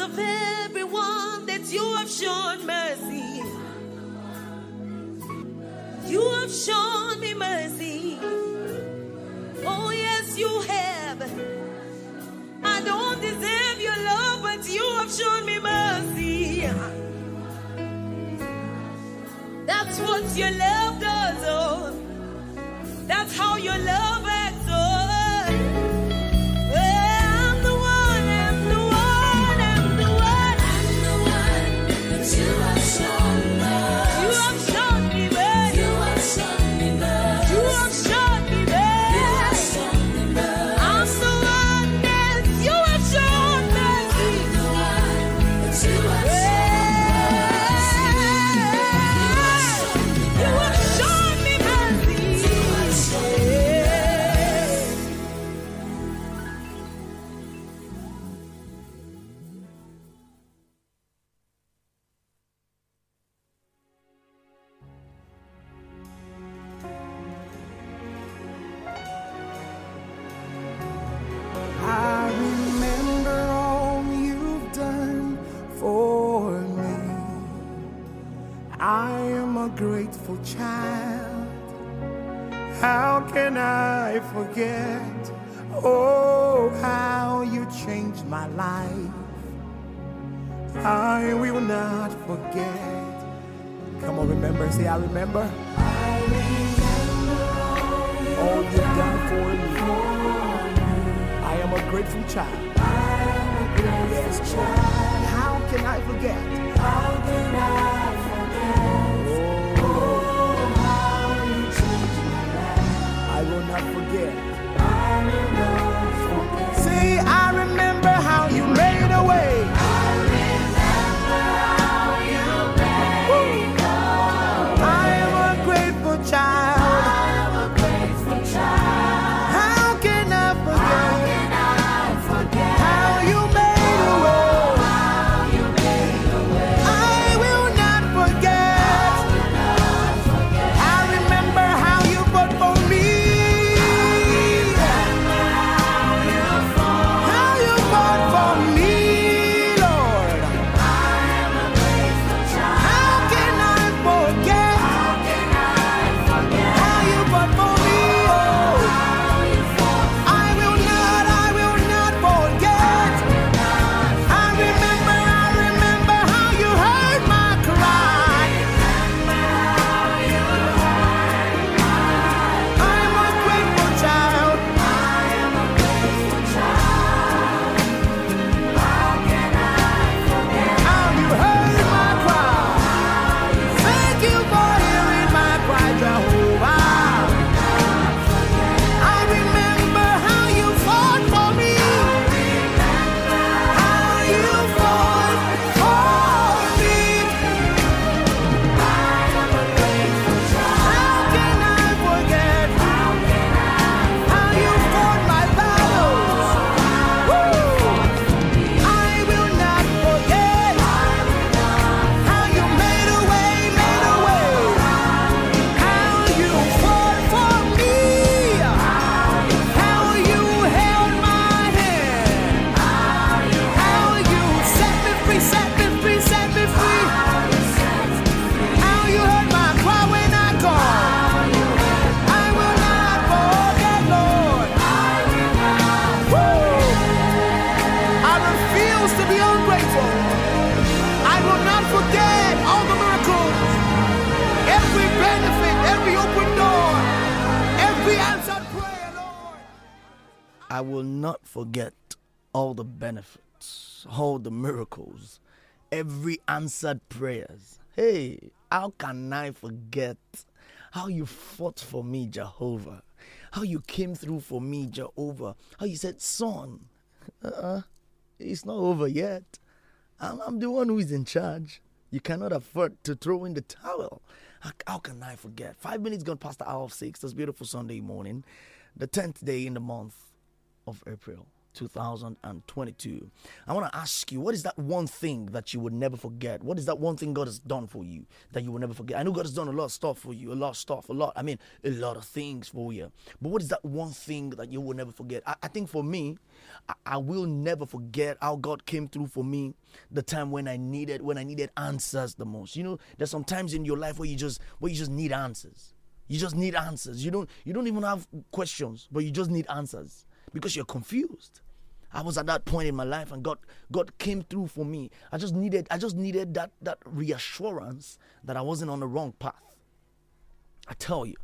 of everyone that you have shown mercy. You have shown me mercy. Oh, yes, you have. I don't deserve your love, but you have shown me mercy. That's what your love does, oh. That's how your love I remember, all you've done for me. I am a grateful child. answered prayers. Hey, how can I forget how you fought for me, Jehovah? How you came through for me, Jehovah? How you said, Son, uh it's not over yet. I'm, I'm the one who is in charge. You cannot afford to throw in the towel. How, how can I forget? Five minutes gone past the hour of six. This beautiful Sunday morning, the 10th day in the month of April. 2022. I want to ask you, what is that one thing that you would never forget? What is that one thing God has done for you that you will never forget? I know God has done a lot of stuff for you, a lot of stuff, a lot, I mean, a lot of things for you. But what is that one thing that you will never forget? I, I think for me, I, I will never forget how God came through for me the time when I needed, when I needed answers the most. You know, there's some times in your life where you just, where you just need answers. You just need answers. You don't, you don't even have questions, but you just need answers because you're confused. I was at that point in my life and God God came through for me. I just needed I just needed that that reassurance that I wasn't on the wrong path. I tell you.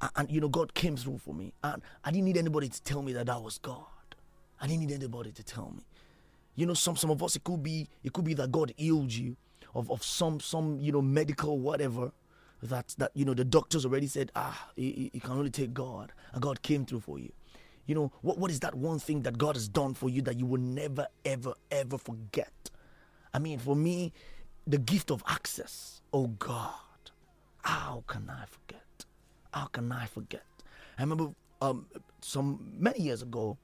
And, and you know God came through for me. And I didn't need anybody to tell me that that was God. I didn't need anybody to tell me. You know some some of us it could be it could be that God healed you of of some some you know medical whatever that that you know the doctors already said ah you, you can only take God and God came through for you. You know, what, what is that one thing that God has done for you that you will never, ever, ever forget? I mean, for me, the gift of access. Oh God, how can I forget? How can I forget? I remember um, some many years ago,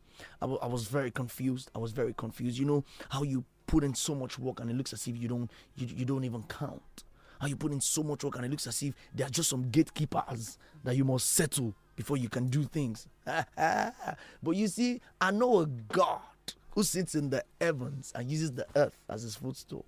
I, w- I was very confused. I was very confused. You know how you put in so much work and it looks as if you don't you, you don't even count. How you put in so much work and it looks as if there are just some gatekeepers that you must settle before you can do things. but you see, I know a God who sits in the heavens and uses the earth as his footstool.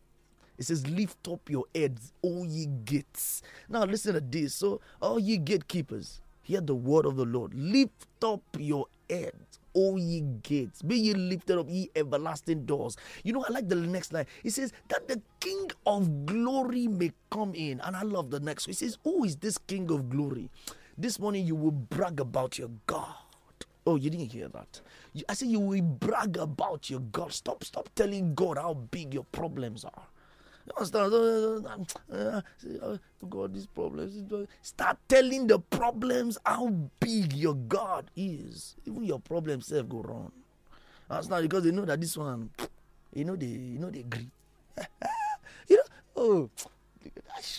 It says, Lift up your heads, all ye gates. Now, listen to this. So, all ye gatekeepers, hear the word of the Lord. Lift up your heads, all ye gates. Be ye lifted up, ye everlasting doors. You know, I like the next line. It says, That the King of glory may come in. And I love the next. It says, Who is this King of glory? This morning you will brag about your God. Oh, you didn't hear that. I said you will brag about your God. Stop, stop telling God how big your problems are. God, these problems. Start telling the problems how big your God is. Even your problems self go wrong. That's not because they know that this one, you know they, you know they agree. you know, oh,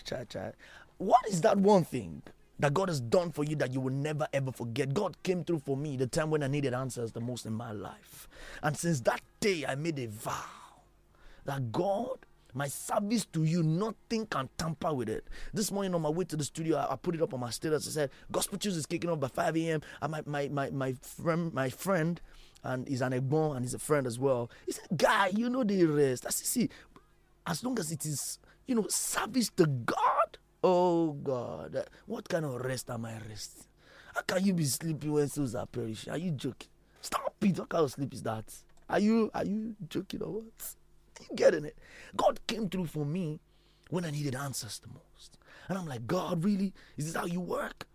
cha cha. What is that one thing? that God has done for you that you will never ever forget. God came through for me the time when I needed answers the most in my life. And since that day, I made a vow that God my service to you, nothing can tamper with it. This morning on my way to the studio, I, I put it up on my status. I said, Gospel Tuesday is kicking off by 5 a.m. And my, my, my, my friend, my friend, and he's an Egbon and he's a friend as well. He said, Guy, you know the rest. I said, see, as long as it is, you know, service to God, Oh God, what kind of rest am I resting? How can you be sleeping when souls are perishing? Are you joking? Stop it. What kind of sleep is that? Are you are you joking or what? You getting it? God came through for me when I needed answers the most. And I'm like, God, really? Is this how you work?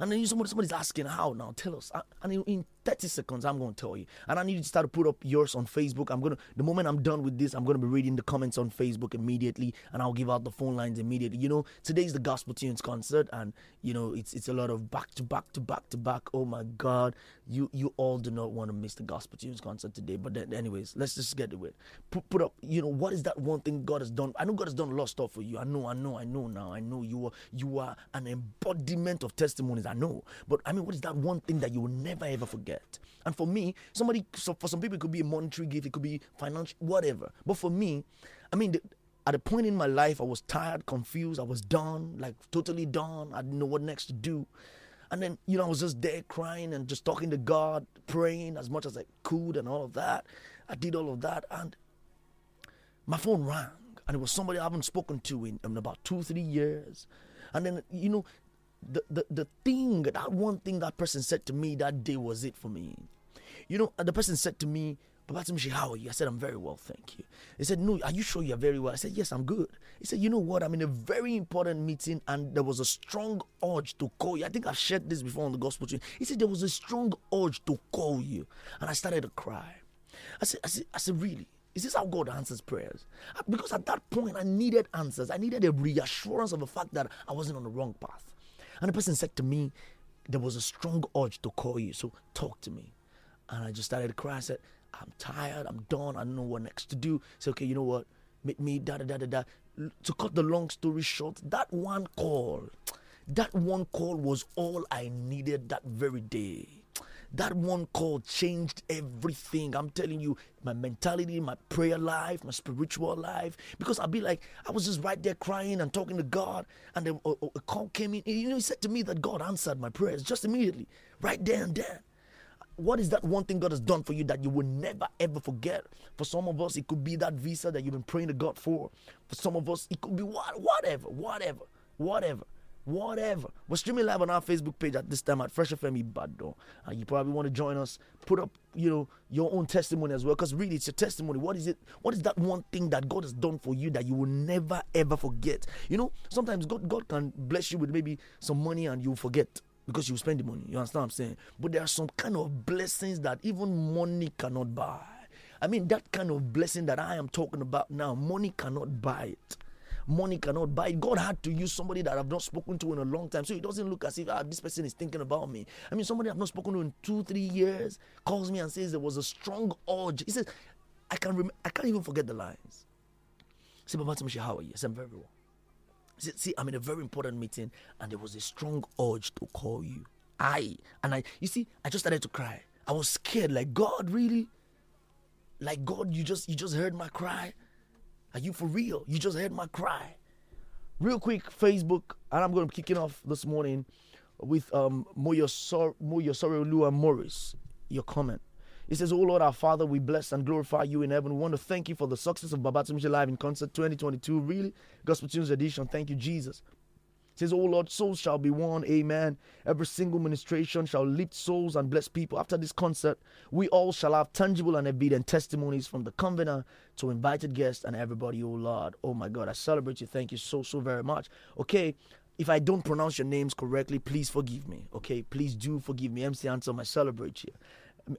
And then somebody, somebody's asking, how now? Tell us. And in 30 seconds, I'm going to tell you. And I need you to start to put up yours on Facebook. I'm going to, the moment I'm done with this, I'm going to be reading the comments on Facebook immediately and I'll give out the phone lines immediately. You know, today's the Gospel Tunes concert and, you know, it's it's a lot of back to back to back to back. Oh my God. You you all do not want to miss the Gospel Tunes concert today. But then, anyways, let's just get to it. Put, put up, you know, what is that one thing God has done? I know God has done a lot of stuff for you. I know, I know, I know now. I know you are, you are an embodiment of testimonies. I know. But I mean, what is that one thing that you will never ever forget? And for me, somebody, so for some people, it could be a monetary gift, it could be financial, whatever. But for me, I mean, the, at a point in my life, I was tired, confused, I was done, like totally done. I didn't know what next to do. And then, you know, I was just there crying and just talking to God, praying as much as I could and all of that. I did all of that. And my phone rang. And it was somebody I haven't spoken to in, in about two, three years. And then, you know, the, the, the thing, that one thing that person said to me that day was it for me. You know, the person said to me, Papa how are you? I said, I'm very well, thank you. He said, No, are you sure you're very well? I said, Yes, I'm good. He said, You know what? I'm in a very important meeting and there was a strong urge to call you. I think I've shared this before on the gospel. Tree. He said, There was a strong urge to call you. And I started to cry. I said, I said, I said Really? Is this how God answers prayers? Because at that point, I needed answers. I needed a reassurance of the fact that I wasn't on the wrong path. And the person said to me, There was a strong urge to call you, so talk to me. And I just started to cry. I said, I'm tired, I'm done, I don't know what next to do. Say, okay, you know what? Meet me, da da da da da. To cut the long story short, that one call, that one call was all I needed that very day. That one call changed everything. I'm telling you, my mentality, my prayer life, my spiritual life. Because I'd be like, I was just right there crying and talking to God, and then a, a call came in. You know, He said to me that God answered my prayers just immediately, right there and then. what is that one thing God has done for you that you will never ever forget? For some of us, it could be that visa that you've been praying to God for. For some of us, it could be what, whatever, whatever, whatever whatever. We're streaming live on our Facebook page at this time at Fresh FM Ibadan. And you probably want to join us, put up, you know, your own testimony as well. Because really, it's your testimony. What is it? What is that one thing that God has done for you that you will never ever forget? You know, sometimes God, God can bless you with maybe some money and you forget because you spend the money. You understand what I'm saying? But there are some kind of blessings that even money cannot buy. I mean, that kind of blessing that I am talking about now, money cannot buy it money cannot buy it. God had to use somebody that I've not spoken to in a long time. So it doesn't look as if ah, this person is thinking about me. I mean, somebody I've not spoken to in two, three years calls me and says there was a strong urge. He says, I can rem- I can't even forget the lines. Say, Baba Timishi, how are you? I said, I'm very well. see, I'm in a very important meeting and there was a strong urge to call you. I and I you see, I just started to cry. I was scared, like God, really? Like God, you just you just heard my cry. Are you for real? You just heard my cry. Real quick, Facebook, and I'm going to be kicking off this morning with um, Moyosor, Moyosorolua Morris, your comment. It says, Oh Lord, our Father, we bless and glorify you in heaven. We want to thank you for the success of Babatunde Live in Concert 2022, Really, Gospel Tunes Edition. Thank you, Jesus. It says, Oh Lord, souls shall be won. Amen. Every single ministration shall lift souls and bless people. After this concert, we all shall have tangible and evident testimonies from the convener to invited guests and everybody. Oh Lord, oh my God, I celebrate you. Thank you so so very much. Okay, if I don't pronounce your names correctly, please forgive me. Okay, please do forgive me. MC Anson, I celebrate you.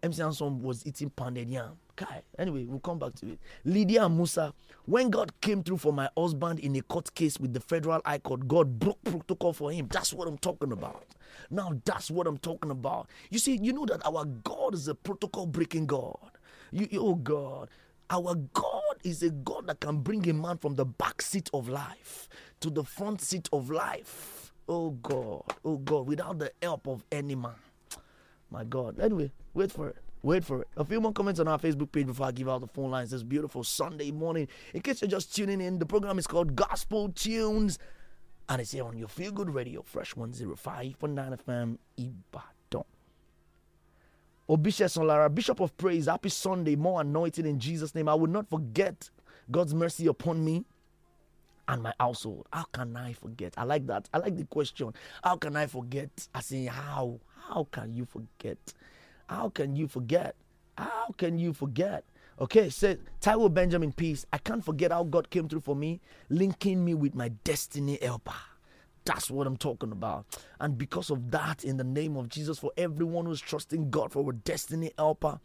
MC Anson was eating pounded yam. Kai. Anyway, we'll come back to it. Lydia and Musa, when God came through for my husband in a court case with the federal high court, God broke protocol for him. That's what I'm talking about. Now, that's what I'm talking about. You see, you know that our God is a protocol breaking God. You, oh God, our God is a God that can bring a man from the back seat of life to the front seat of life. Oh God, oh God, without the help of any man. My God. Anyway, wait for it. Wait for it. A few more comments on our Facebook page before I give out the phone lines this beautiful Sunday morning. In case you're just tuning in, the program is called Gospel Tunes. And it's here on your Feel Good Radio, Fresh 105.9 FM, Ibadan. Lara, Bishop of Praise, happy Sunday, more anointed in Jesus' name. I will not forget God's mercy upon me and my household. How can I forget? I like that. I like the question. How can I forget? I say, how? How can you forget? How can you forget? How can you forget? Okay, say Taiwo Benjamin Peace. I can't forget how God came through for me, linking me with my destiny helper. That's what I'm talking about. And because of that, in the name of Jesus, for everyone who's trusting God for a destiny helper,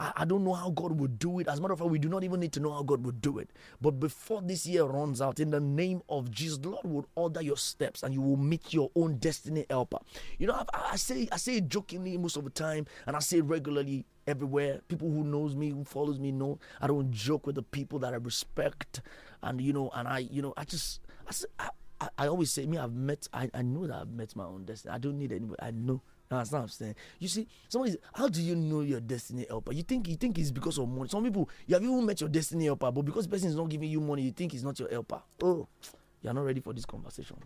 I, I don't know how God would do it. As a matter of fact, we do not even need to know how God would do it. But before this year runs out, in the name of Jesus, Lord will order your steps and you will meet your own destiny helper. You know, I, I say I say jokingly most of the time, and I say regularly everywhere. People who knows me, who follows me know I don't joke with the people that I respect, and you know, and I, you know, I just I, I I, I always say, me, I've met, I, I know that I've met my own destiny. I don't need anybody. I know. That's what I'm saying. You see, somebody, how do you know your destiny helper? You think you think it's because of money. Some people, you have even met your destiny helper, but because person is not giving you money, you think it's not your helper. Oh, you are not ready for this conversation.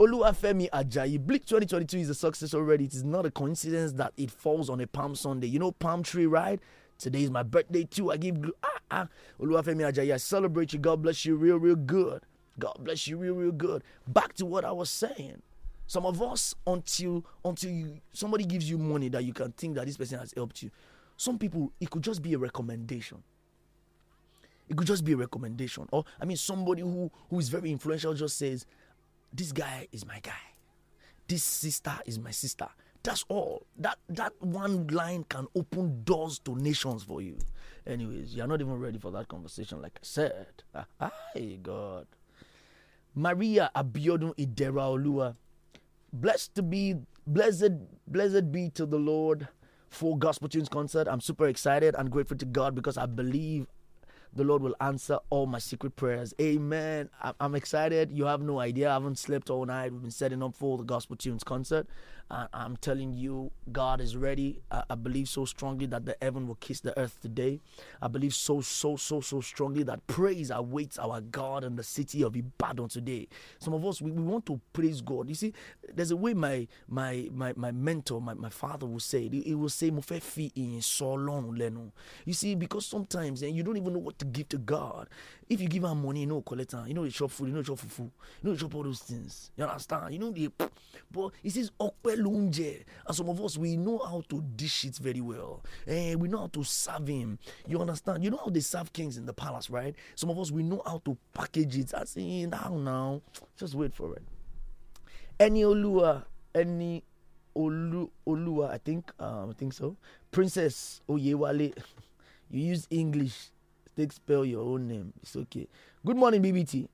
Oluwafemi Ajayi, Bleak 2022 is a success already. It is not a coincidence that it falls on a Palm Sunday. You know, Palm Tree right? Today is my birthday too. I give ah ah. Oluwafemi Ajayi, I celebrate you. God bless you, real real good. God bless you real, real good. Back to what I was saying. Some of us, until until you somebody gives you money that you can think that this person has helped you. Some people, it could just be a recommendation. It could just be a recommendation. Or I mean, somebody who who is very influential just says, This guy is my guy. This sister is my sister. That's all. That that one line can open doors to nations for you. Anyways, you're not even ready for that conversation, like I said. Ah, hi, God. Maria Abiodun Ideraolua. Blessed to be blessed blessed be to the Lord for Gospel Tunes concert. I'm super excited and grateful to God because I believe the Lord will answer all my secret prayers. Amen. I'm excited. You have no idea. I haven't slept all night. We've been setting up for the Gospel Tunes concert. I, am telling you, God is ready. I, I, believe so strongly that the heaven will kiss the earth today. I believe so, so, so, so strongly that praise awaits our God in the city of Ibadan today. Some of us, we, we want to praise God. You see, there's a way my my my, my mentor, my, my father will say it. He, he will say, mufefi in so long, Leno. You see, because sometimes and eh, you don't even know what to give to God. If you give her money, you know, collector, you know, the shop food, you know, shop fufu, you know, shop all those things. You understand? You know, the, but he says, awkward and some of us we know how to dish it very well eh, we know how to serve him you understand you know how they serve kings in the palace right some of us we know how to package it as in now now just wait for it any olua any Olu, Olua, I think, um, I think so. Princess Oyewale, you use English, take spell your own name. It's okay. Good morning, BBT.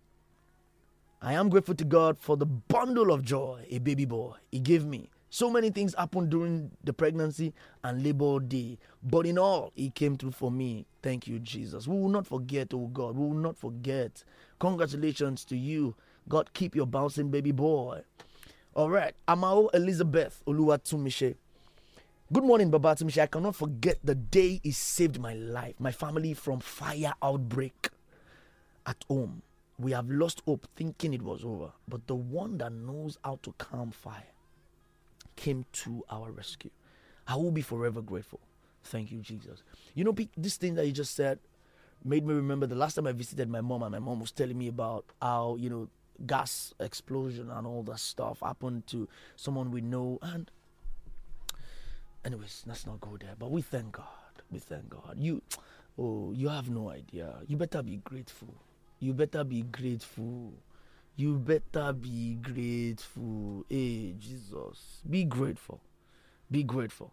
I am grateful to God for the bundle of joy a baby boy he gave me. So many things happened during the pregnancy and labor day, but in all, he came through for me. Thank you, Jesus. We will not forget, oh God, we will not forget. Congratulations to you. God, keep your bouncing baby boy. All right, Amao Elizabeth Oluwatumishe. Good morning, Baba Tumishe. I cannot forget the day he saved my life, my family from fire outbreak at home. We have lost hope thinking it was over. But the one that knows how to calm fire came to our rescue. I will be forever grateful. Thank you, Jesus. You know, this thing that you just said made me remember the last time I visited my mom, and my mom was telling me about how, you know, gas explosion and all that stuff happened to someone we know. And, anyways, let's not go there. But we thank God. We thank God. You, oh, you have no idea. You better be grateful you better be grateful. You better be grateful. Hey, Jesus. Be grateful. Be grateful.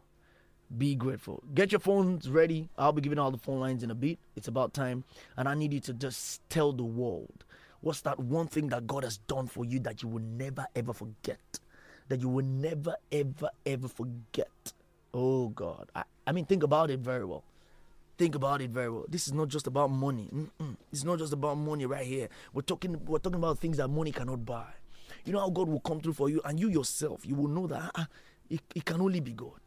Be grateful. Get your phones ready. I'll be giving all the phone lines in a bit. It's about time. And I need you to just tell the world what's that one thing that God has done for you that you will never ever forget. That you will never ever ever forget. Oh God. I, I mean, think about it very well think about it very well. This is not just about money. Mm-mm. It's not just about money right here. We're talking we're talking about things that money cannot buy. You know how God will come through for you, and you yourself, you will know that uh, it, it, can only be God.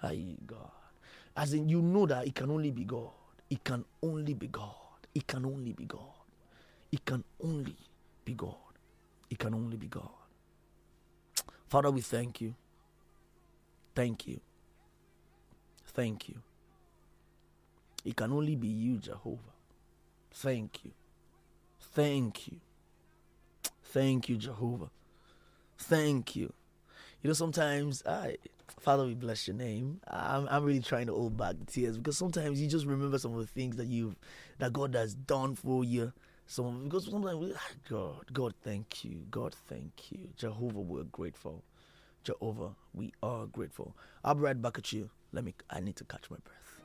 Hi God. As in you know that it can only be God. It can only be God. It can only be God. It can only be God. It can only be God. Father, we thank you. Thank you. Thank you. It can only be you, Jehovah. Thank you. Thank you. Thank you, Jehovah. Thank you. You know, sometimes I, Father, we bless your name. I'm, I'm really trying to hold back the tears because sometimes you just remember some of the things that you've, that God has done for you. Some because sometimes we, ah, God, God, thank you, God, thank you, Jehovah, we're grateful. Jehovah, we are grateful. I'll be right back at you. Let me. I need to catch my breath.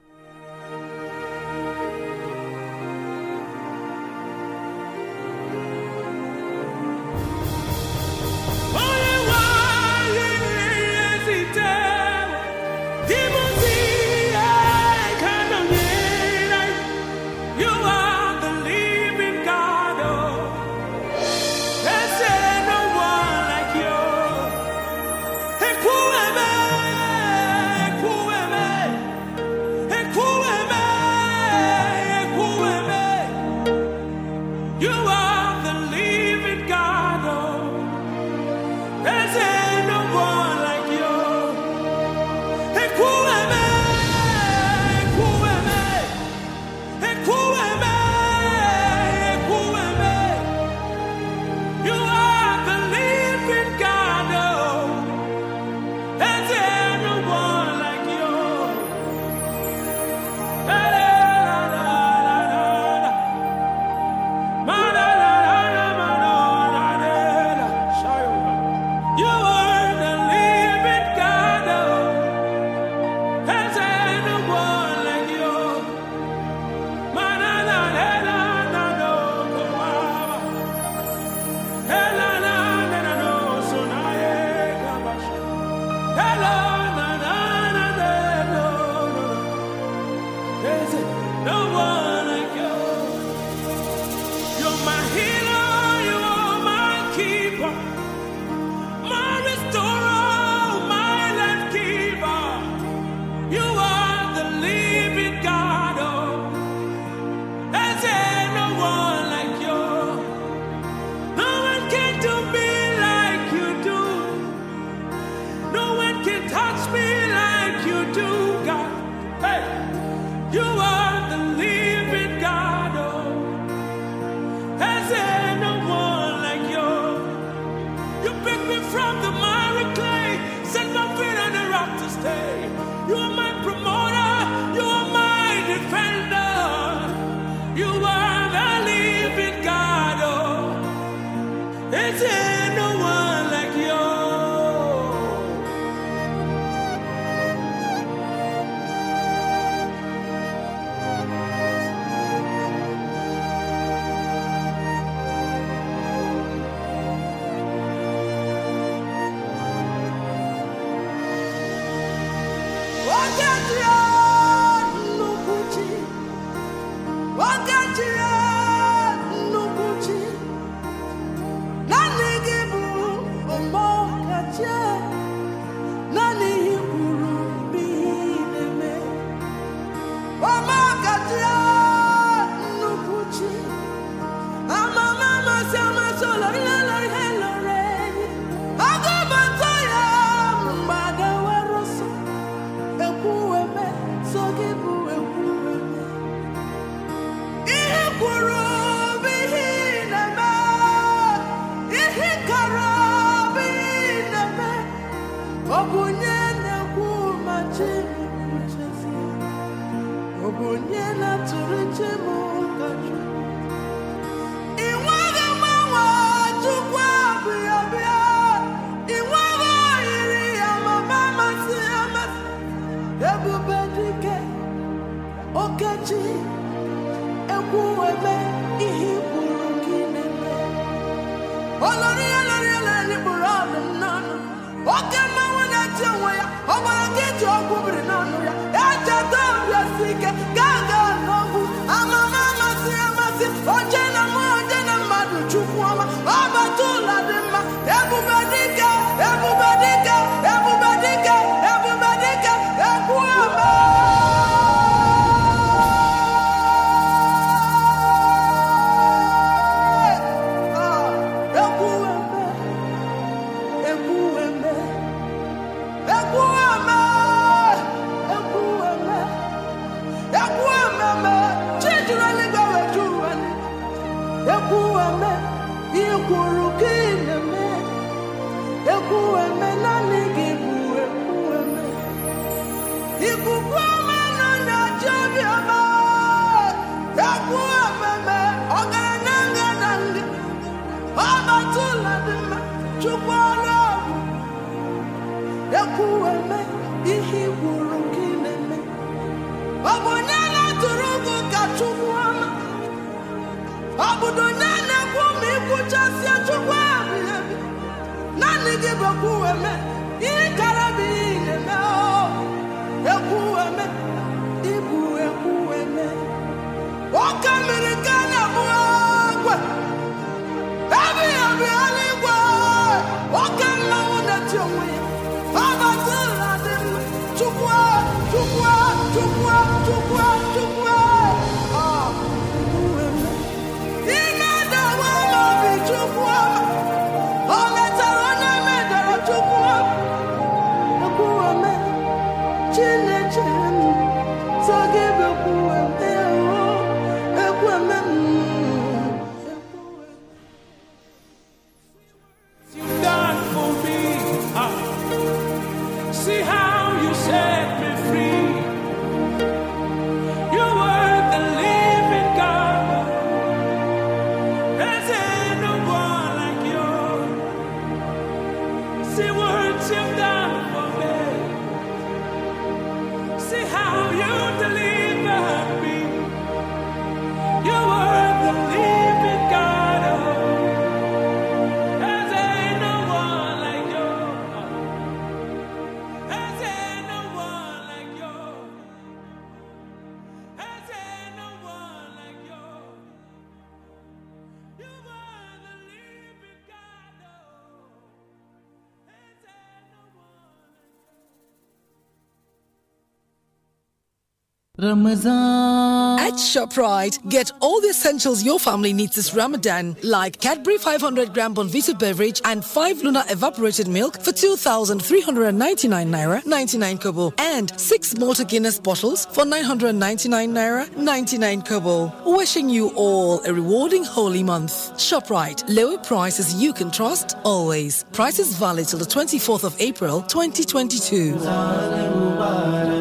Ramadan. At ShopRite, get all the essentials your family needs this Ramadan, like Cadbury 500 gram Bonvita beverage and 5 Luna evaporated milk for 2,399 naira 99 kobo, and 6 Malta Guinness bottles for 999 naira 99 kobo. Wishing you all a rewarding holy month. ShopRite, lower prices you can trust always. Prices valid till the 24th of April 2022.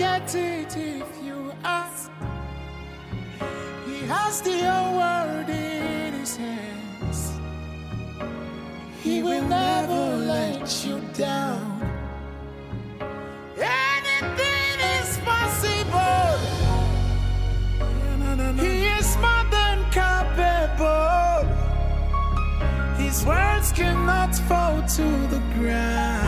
get it if you ask. He has the whole world in his hands. He will never let you down. Anything is possible. He is more than capable. His words cannot fall to the ground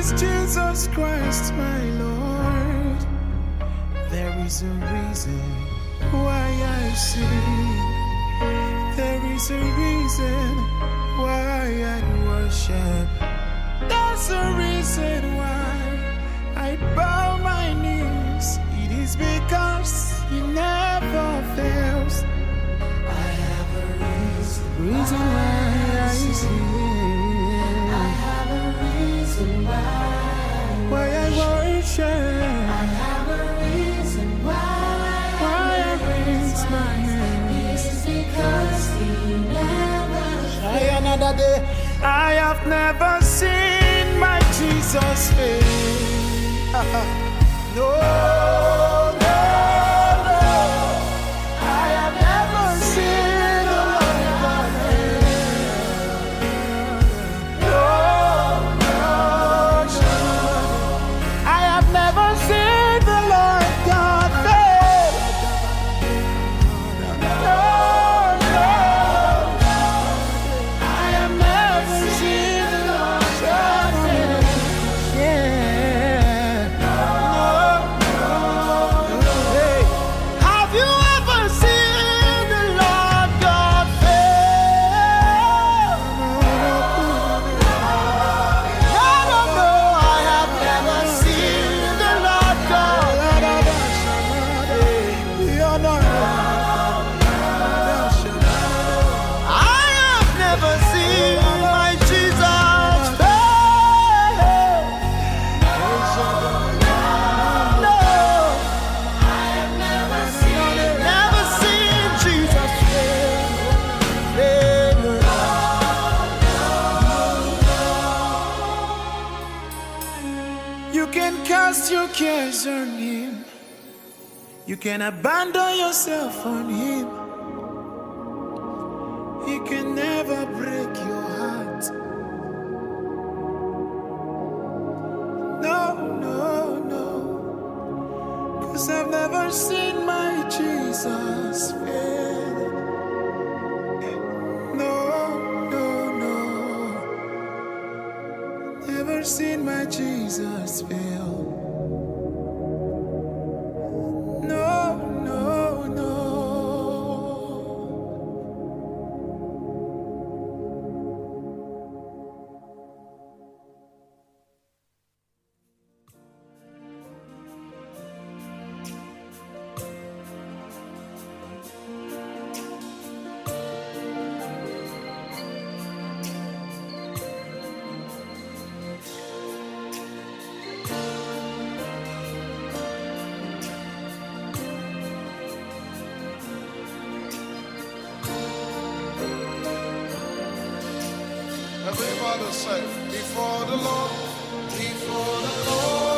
is Jesus Christ, my Lord. There is a reason why I sing. There is a reason why I worship. There's a reason why I bow my knees. It is because He never fails. I have a reason, reason why I sing why. Why I worship. I have a reason why. Why I raise my hands. It's because He never fails. Another day. I have never seen my Jesus face. no. Everybody say, before the Lord, before the Lord.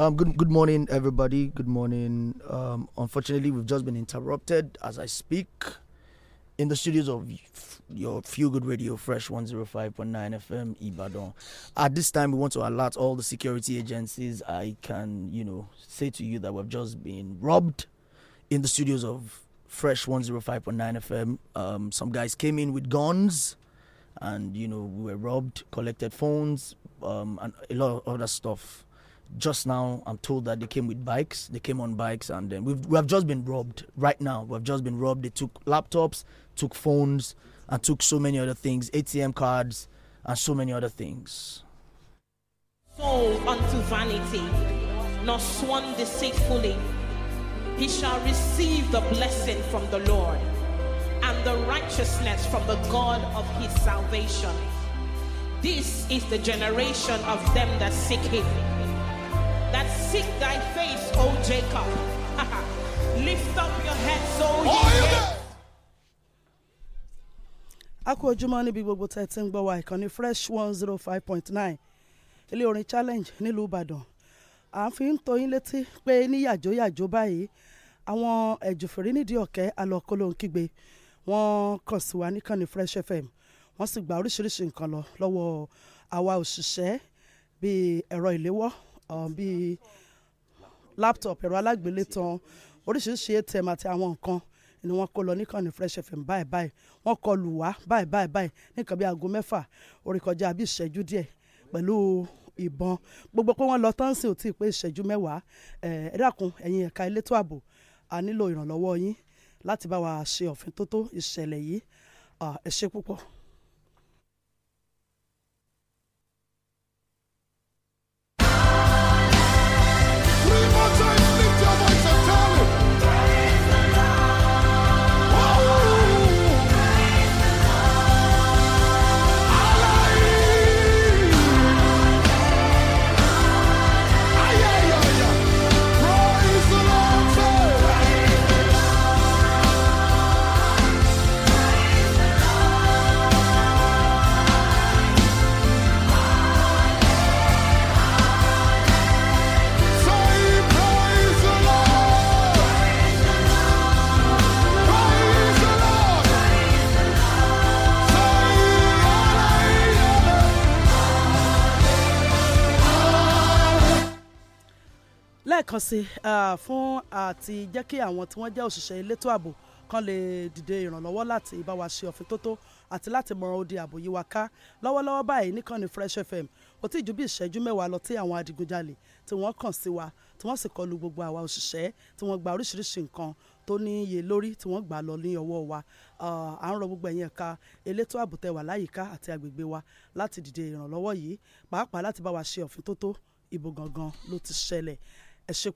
Um, good, good morning, everybody. Good morning. Um, unfortunately, we've just been interrupted as I speak in the studios of your Feel Good Radio, Fresh 105.9 FM, Ibadan. At this time, we want to alert all the security agencies. I can, you know, say to you that we've just been robbed in the studios of Fresh 105.9 FM. Um, some guys came in with guns and, you know, we were robbed, collected phones, um, and a lot of other stuff just now I'm told that they came with bikes. They came on bikes, and then we've we have just been robbed. Right now, we've just been robbed. They took laptops, took phones, and took so many other things, ATM cards, and so many other things. Soul unto vanity, nor swan deceitfully. He shall receive the blessing from the Lord, and the righteousness from the God of his salvation. This is the generation of them that seek him that seek thy face, O Jacob. Lift up your heads, O Israel. a kú ojúmọ́ níbi gbogbo tẹ́ ti ń gbọ́ wa ìkànnì fresh one zero oh five point nine ilé orin challenge nílùú ìbàdàn à ń fi ń toyín létí pé ní yàjóyàjó báyìí àwọn ẹ̀jùfèrí nídìí ọ̀kẹ́ alọ́kọ́ló ń kígbe wọ́n kàn sí wa níkànnì fresh fm wọ́n sì gba oríṣiríṣi nǹkan lọ lọ́wọ́ àwa òṣìṣẹ́ bíi ẹ̀rọ ìléwọ́ Um, bíi laptop ẹ̀rọ alágbélétan oríṣiríṣi atm àti àwọn nǹkan ni wọ́n kó lọ níkànnì fresh fm báyìí báyìí wọ́n kọ lù wá báyìí báyìí báyìí nìkan bíi aago mẹ́fà orí kọjá bíi ìṣẹ́jú díẹ̀ pẹ̀lú ìbọn gbogbo pé wọ́n lọ tán sí ò tí ì pé ìṣẹ́jú mẹ́wàá ẹ dákun ẹ̀yin ẹ̀ka elétò ààbò a nílò ìrànlọ́wọ́ yín láti bá wa ṣe òfin tótó ìṣẹ̀lẹ̀ yìí ẹ ṣe púpọ̀. lẹ́ẹ̀kan sí fún àti jẹ́ kí àwọn tí wọ́n jẹ́ òṣìṣẹ́ elétò ààbò kan lè dìde ìrànlọ́wọ́ láti bá wa ṣe ọ̀fintótó àti láti mọ odi ààbò yìí wa ká lọ́wọ́lọ́wọ́ báyìí níkànnì Fresh FM kò tí ì ju bí ìṣẹ́jú mẹ́wàá lọ tí àwọn adigunjalè tí wọ́n kàn sí wa tí wọ́n sì kọlu gbogbo àwa òṣìṣẹ́ tí wọ́n gba oríṣiríṣi nǹkan tó ní iye lórí tí wọ́n gbà lọ ní ọwọ́ wa à ń rọ gbogbo ẹ̀yin ẹ̀ka elétò ààbò tẹ́ wà láyìíká àti agbègbè wa láti dìde ìrànlọ́wọ́ yìí pàápàá láti bá wa ṣe ọ̀fintótó ìbò gangan ló ti ṣẹlẹ̀ ẹ ṣe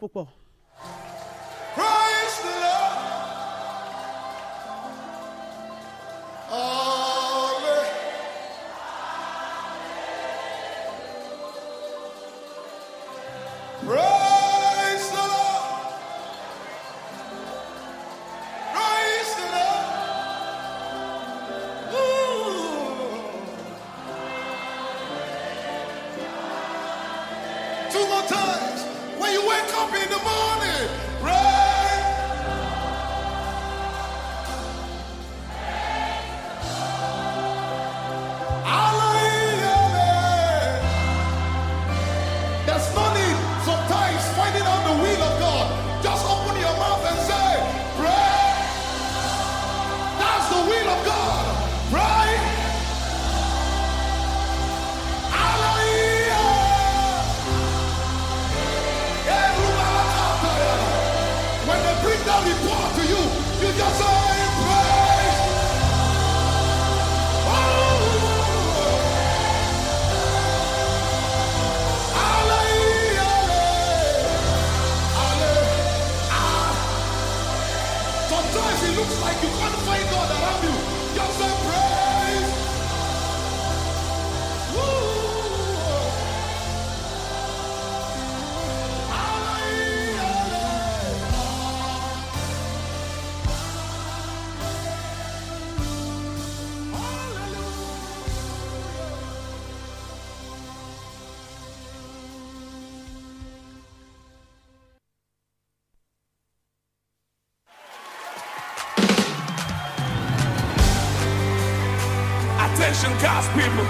lost people.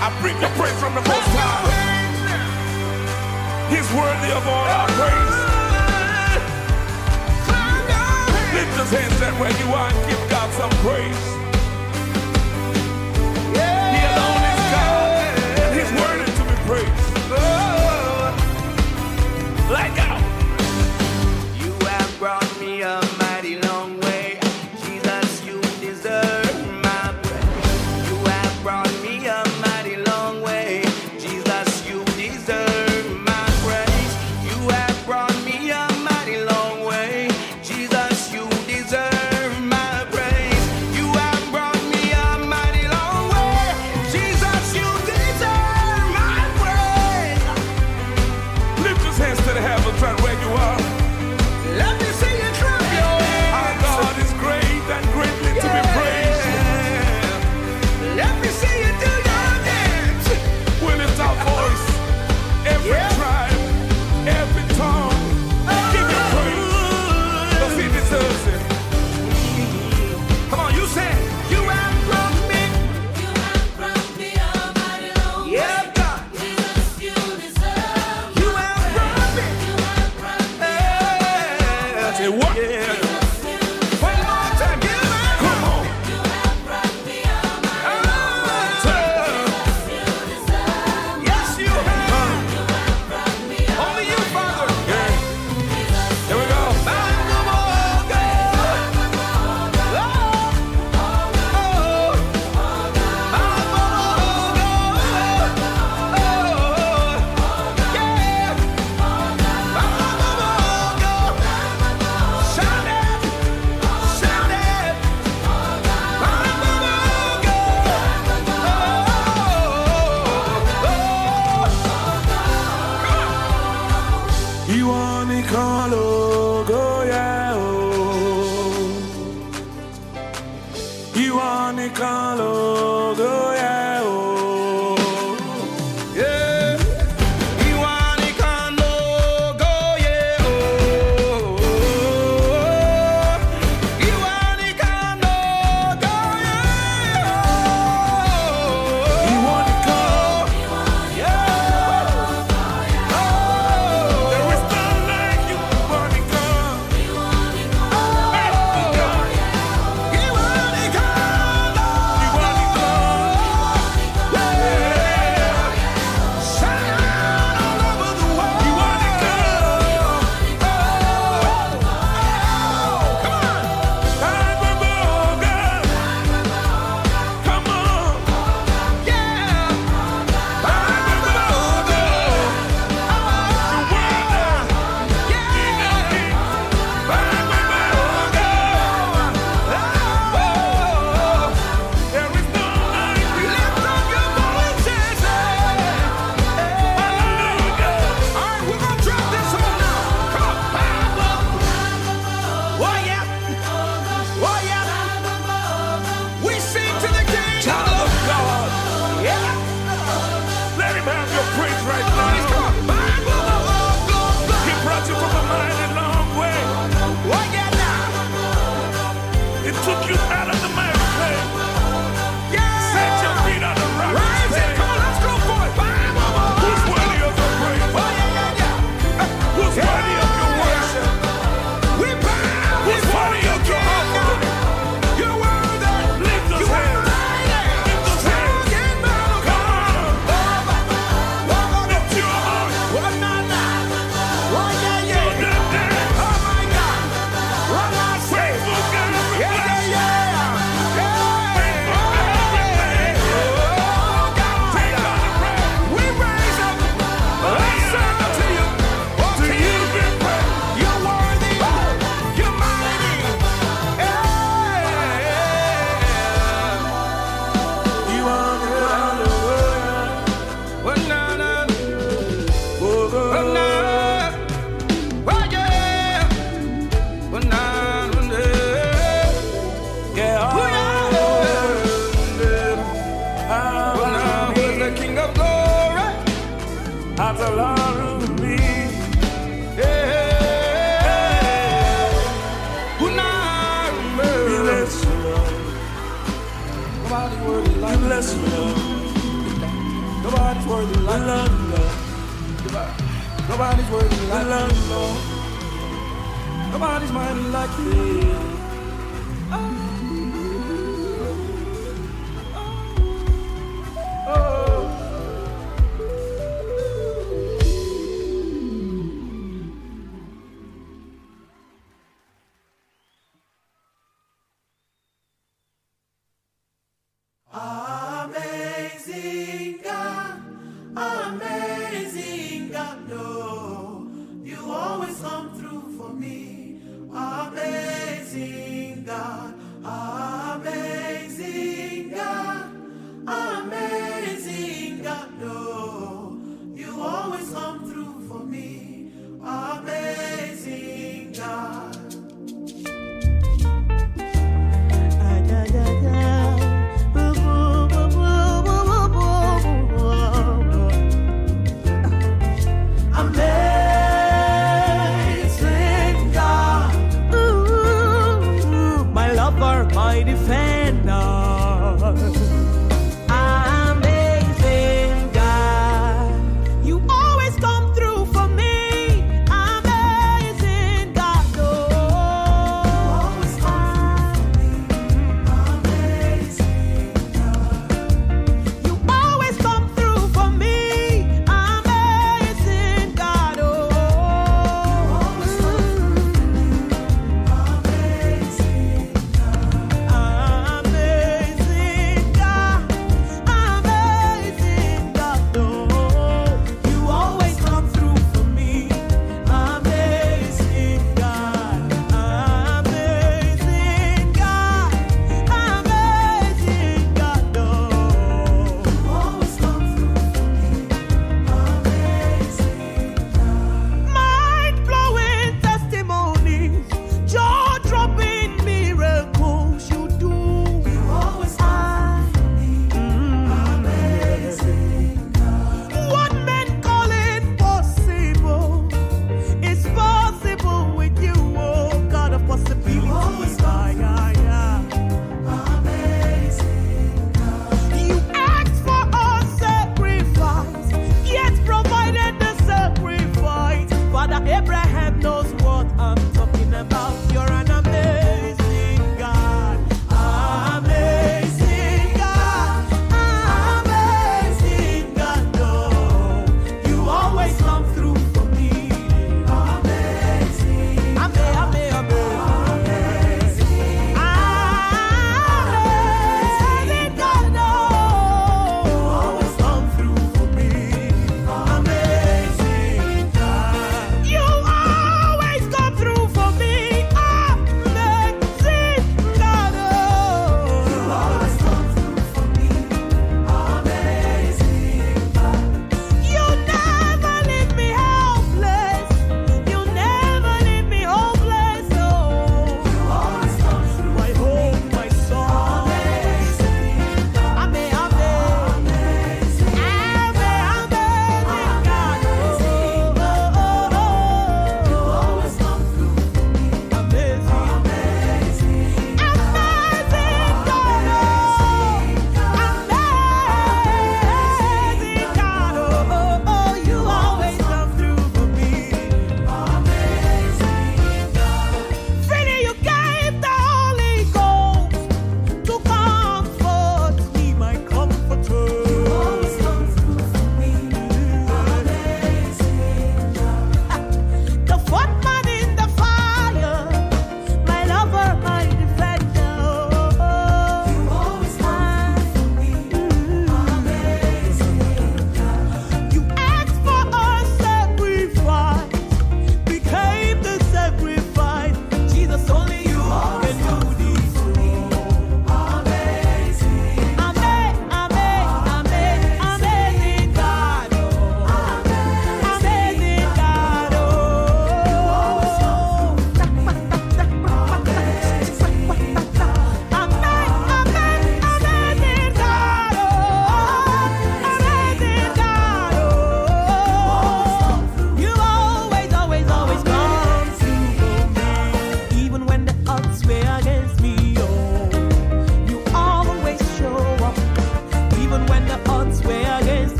I bring the praise from the Most High. He's worthy of all our praise. Lift those hands that where you are and give God some praise.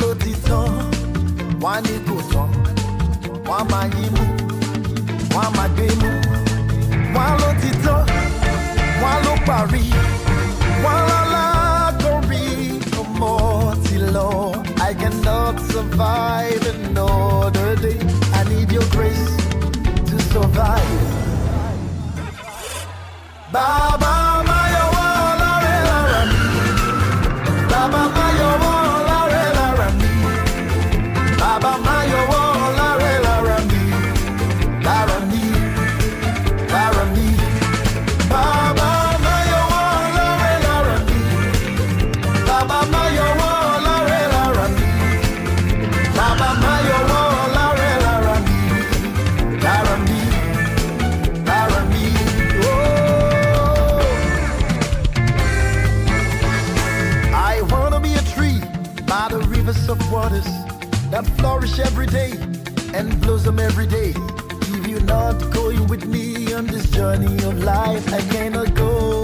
ló ti tán wọ́n á ní kò tán wọ́n á máa yí mú wọ́n á gbé mú wọ́n ló ti tán wọ́n ló parí wọ́n á lálágọ́rí ọmọ ti lọ. I cannot survive another day. I need your grace to survive. Baba Mayowa, Baba Mayowa. that flourish every day and blossom every day. If you're not going with me on this journey of life, I cannot go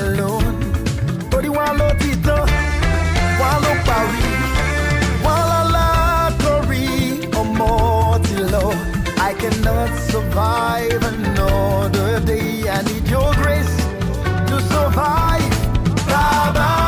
alone. But you want to tito, want to parry, want to or more low. I cannot survive another day. I need your grace to survive. Bye bye.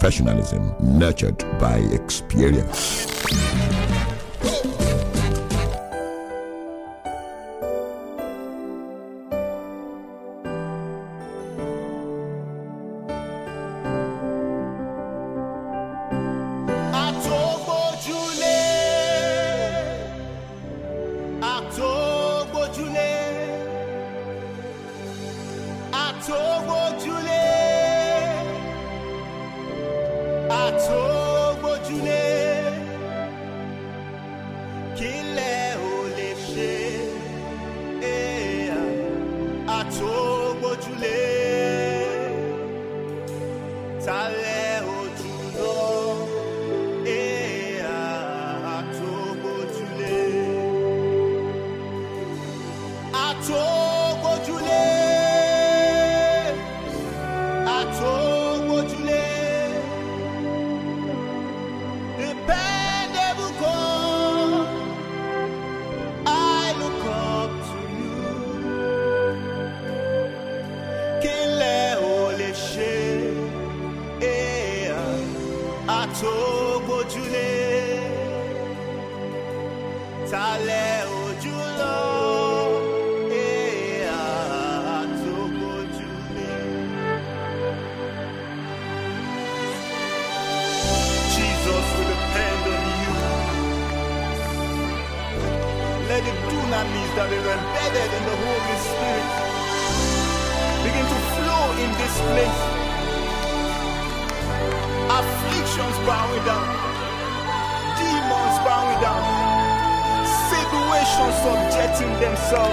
professionalism nurtured by experience.